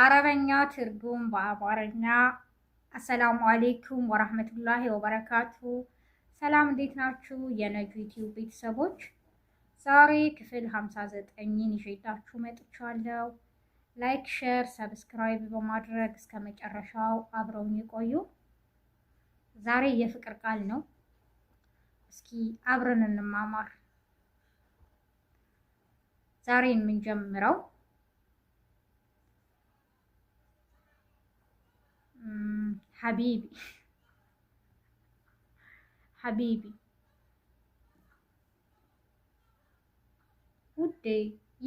አረበኛ ትርጉም በአማርኛ። አሰላሙ አሌይኩም ወራህመቱላሂ ወበረካቱ። ሰላም እንዴት ናችሁ? የነጁ ዩቲዩብ ቤተሰቦች ዛሬ ክፍል 59ን ይዤላችሁ መጥቻለሁ። ላይክ፣ ሼር፣ ሰብስክራይብ በማድረግ እስከ መጨረሻው አብረውን ይቆዩ። ዛሬ የፍቅር ቃል ነው። እስኪ አብረን እንማማር። ዛሬ የምንጀምረው ሀቢቢ ሀቢቢ ውዴ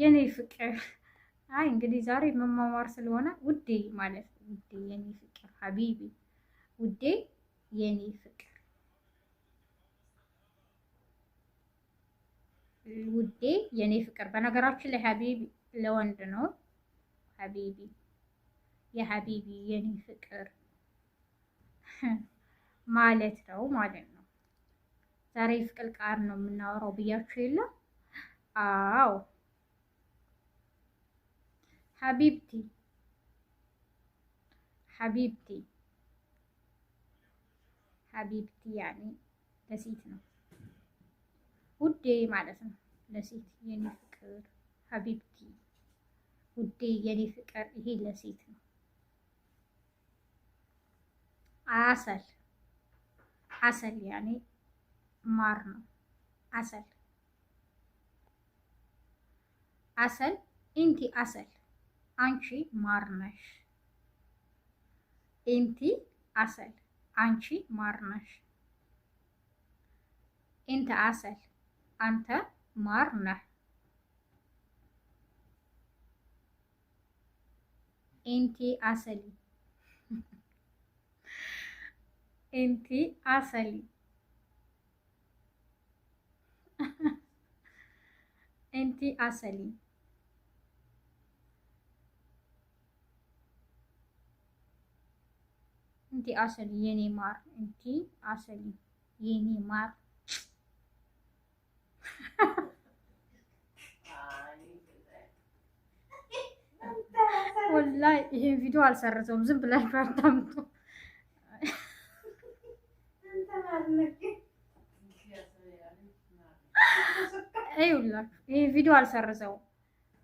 የኔ ፍቅር። አይ እንግዲህ ዛሬ መማማር ስለሆነ ውዴ ማለት ነው። ውዴ የኔ ፍቅር፣ ሀቢቢ ውዴ የኔ ፍቅር፣ ውዴ የኔ ፍቅር። በነገራችን ላይ ሀቢቢ ለወንድ ነው ሀቢቢ የሀቢቢ የኔ ፍቅር ማለት ነው ማለት ነው። ዛሬ ፍቅር ቃር ነው የምናወራው ብያችሁ የለም? አዎ ሀቢብቲ ሀቢብቲ ሀቢብቲ ያኔ ለሴት ነው ውዴ ማለት ነው። ለሴት የኔ ፍቅር ሀቢብቲ ውዴ የኔ ፍቅር ይሄ ለሴት ነው። አሰል አሰል ያኔ ማር ነው። አሰል አሰል ኢንቲ አሰል አንቺ ማር ነሽ። ኢንቲ አሰል አንቺ ማር ነሽ። ኢንተ አሰል አንተ ማር ነህ። ኢንቲ አሰሊ ቴንቲ አሰሊ ኤንቲ አሰሊ እንቲ አሰሊ የኔ ማር እንቲ አሰሊ የኔ ማር ወላሂ ይሄን ቪዲዮ አልሰርዘውም። ዝም ብላችሁ አዳምጡ። ይኸውላችሁ ይሄ ቪዲዮ አልሰርዘውም።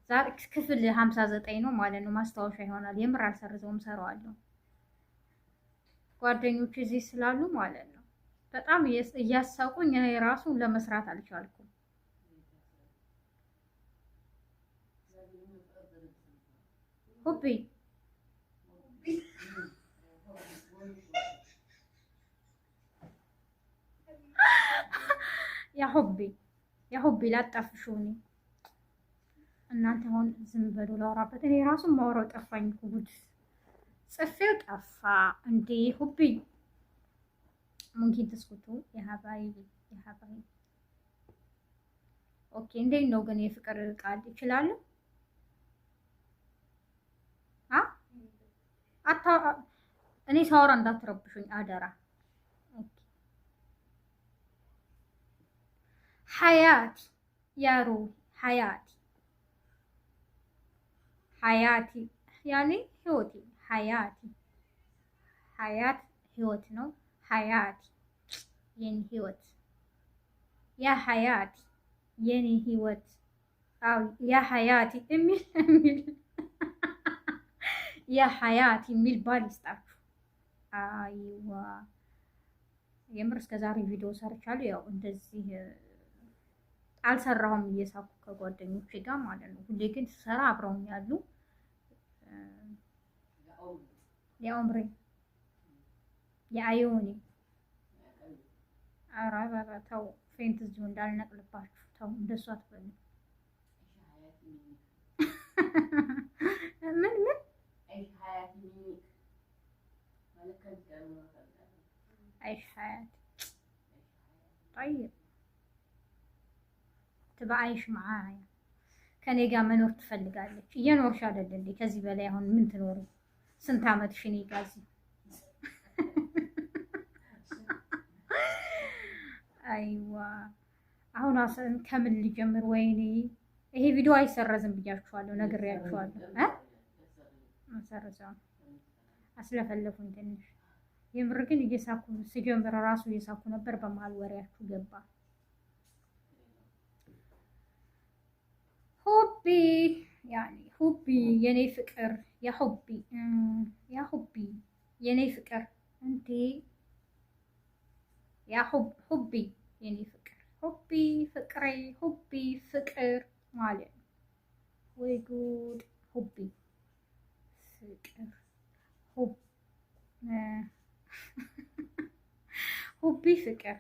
ዛሬ ክፍል ሀምሳ ዘጠኝ ነው ማለት ነው። ማስታወሻ ይሆናል። የምር አልሰርዘውም፣ ሰራዋለሁ። ጓደኞቹ እዚህ ስላሉ ማለት ነው። በጣም እያሳቁኝ እኔ ራሱ ለመስራት አልቻልኩም። ሁቤ ያ ሆቢ ያ ሆቢ ላጣፍሹኒ እናንተ አሁን ዝም በሉ ላወራበት። እኔ ራሱ ማውራው ጠፋኝ። ጉድ ጽፌው ጠፋ እንዴ ሆቢ ሙንኪን ትስኩቱ የሀባይ የሀባይ ኦኬ። እንዴት ነው ግን የፍቅር ቃል ይችላል? እኔ ሳውራ እንዳትረብሹኝ አደራ። ሐያቲ ያሩ ሐያቲ ሐያቲ ያኔ ህይወቴ ሐያቲ ሐያት ህይወት ነው። ሐያቲ የኔ ህይወት ያ ሐያቲ የኔ ህይወት ያ ሐያቲ የሚል የሚል ያ ሐያቲ የሚል ባል ይስጣችሁ። አይዋ የምር እስከዛሬ ቪዲዮ ሰርቻለሁ። ያው እንደዚህ አልሰራሁም እየሳኩ ከጓደኞች ጋር ማለት ነው። ሁሌ ግን ስሰራ አብረውኝ ያሉ የኦምሬ የአዮኒ ኧረ ኧረ ተው ፌንት እዚሁ እንዳልነቅልባችሁ ተው፣ እንደሱ አትበሉ። ምን ምን አይሽ ሀያት ትበአይሽ መዓያ ከኔ ጋር መኖር ትፈልጋለች። እየኖርሽ አይደል እንዴ? ከዚህ በላይ አሁን ምን ትኖሪ? ስንት ዓመትሽ እኔ ጋር እዚህ አይዋ አሁን አሰን ከምን ልጀምር? ወይኔ ይሄ ቪዲዮ አይሰረዝም ብያችኋለሁ፣ ነግሬያችኋለሁ። እ አስለፈለፉኝ ትንሽ። የምር ግን እየሳኩ ስጀምር ራሱ እየሳኩ ነበር፣ በመሀል ወሬያችሁ ገባ። حبي يعني حبي يعني فكر يا حبي يا حبي يعني فكر انت يا حب حبي يعني فكر حبي فكري حبي فكر مالي ويقول حبي فكر حب حبي فكر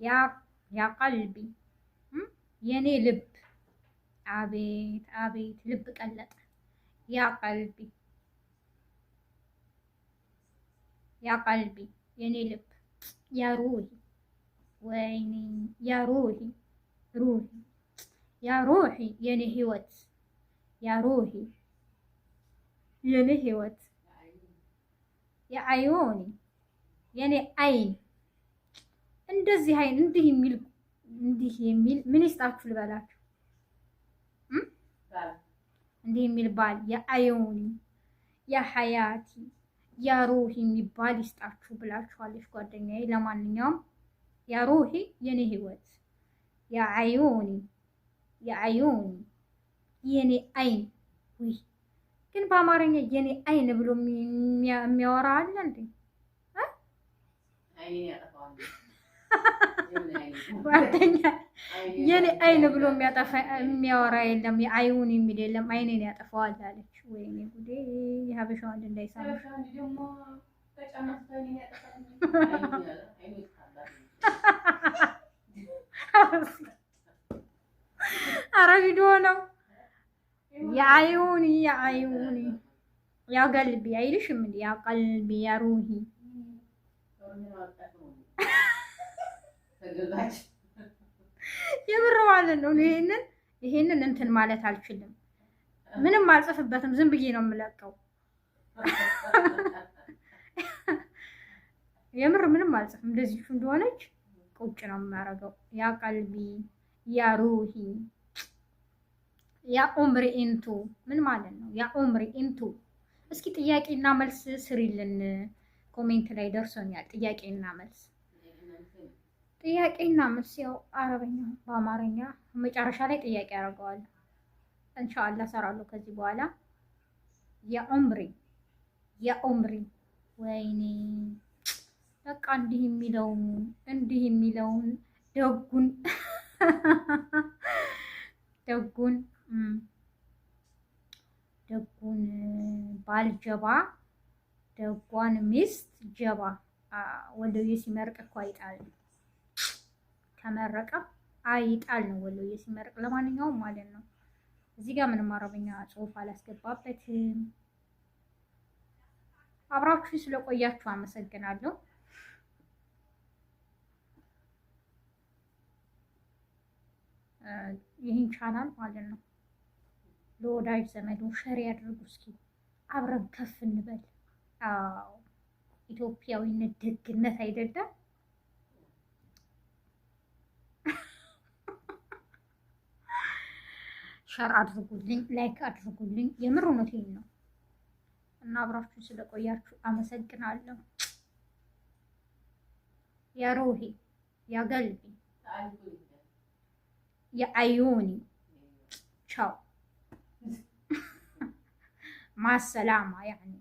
يا يا قلبي የኔ ልብ አቤት አቤት ልብ ቀለጠ። ያ ቀልቢ ያ ቀልቢ የኔ ልብ ያ ሩሂ ወይኔ ያ ሩሂ ሩሂ ያ ሩሂ የኔ ህይወት ያ ሩሂ የኔ ህይወት ያ የኔ አይን እንደዚህ አይን እንዲህ የሚል እንዲህ የሚል ምን ይስጣችሁ ልበላችሁ? እንዲህ የሚል ባል የአዮኒ የሀያቲ የሩሂ የሚባል ይስጣችሁ ብላችኋለች ጓደኛዬ። ለማንኛውም የሩሂ የኔ ህይወት፣ የአዮኒ የአዮኒ የኔ አይን። ውይ ግን በአማርኛ የኔ አይን ብሎ የሚያወራ አለ እንዴ? ጓደኛ የኔ አይን ብሎ የሚያወራ የለም፣ አይውን የሚል የለም። አይኔን ያጠፋዋል አለች። ወይኔ ጉዴ! የሀበሻ ወንድ እንዳይሰማ አረ ቪዲዮ ነው የአይውን የአይውን ያ ገልቢ አይልሽም እንዴ? ያ ቀልቢ ያ የምር ማለት ነው። ይሄንን ይሄንን እንትን ማለት አልችልም። ምንም አልጽፍበትም። ዝም ብዬ ነው የምለቀው። የምር ምንም አልጽፍም። እንደዚሁ እንደሆነች ቁጭ ነው የማደርገው። ያ ቀልቢ ያ ሩሂ ያ ኦምሪ ኢንቱ ምን ማለት ነው? ያ ኦምሪ ኢንቱ። እስኪ ጥያቄና መልስ ስሪልን ኮሜንት ላይ ደርሶኛል። ጥያቄና መልስ ጥያቄና መልስ ያው አረበኛ በአማርኛ መጨረሻ ላይ ጥያቄ አደርገዋለሁ። እንሻአላ ሰራለሁ ከዚህ በኋላ የኦምሪ የኦምሪ ወይኔ በቃ እንዲህ የሚለውን እንዲህ የሚለውን ደጉን ደጉን ደጉን ባል ጀባ ደጓን ሚስት ጀባ ወልደው ሲመርቅ እኮ አይጣልም። ተመረቀ አይጣል ነው ወሎዬ ሲመረቅ። ለማንኛውም ማለት ነው እዚህ ጋር ምንም አረበኛ ጽሁፍ አላስገባበትም። አብራችሁ ስለቆያችሁ አመሰግናለሁ። ይህን ቻናል ማለት ነው ለወዳጅ ዘመዶ ሸሪ ያድርጉ። እስኪ አብረን ከፍ እንበል። ኢትዮጵያዊነት ደግነት አይደለም። ሸር አድርጉልኝ፣ ላይክ አድርጉልኝ። የምር እውነቴን ነው እና አብራችሁ ስለቆያችሁ አመሰግናለሁ። የሮሄ የገልቢ ያ ቻው ማሰላማ ያኒ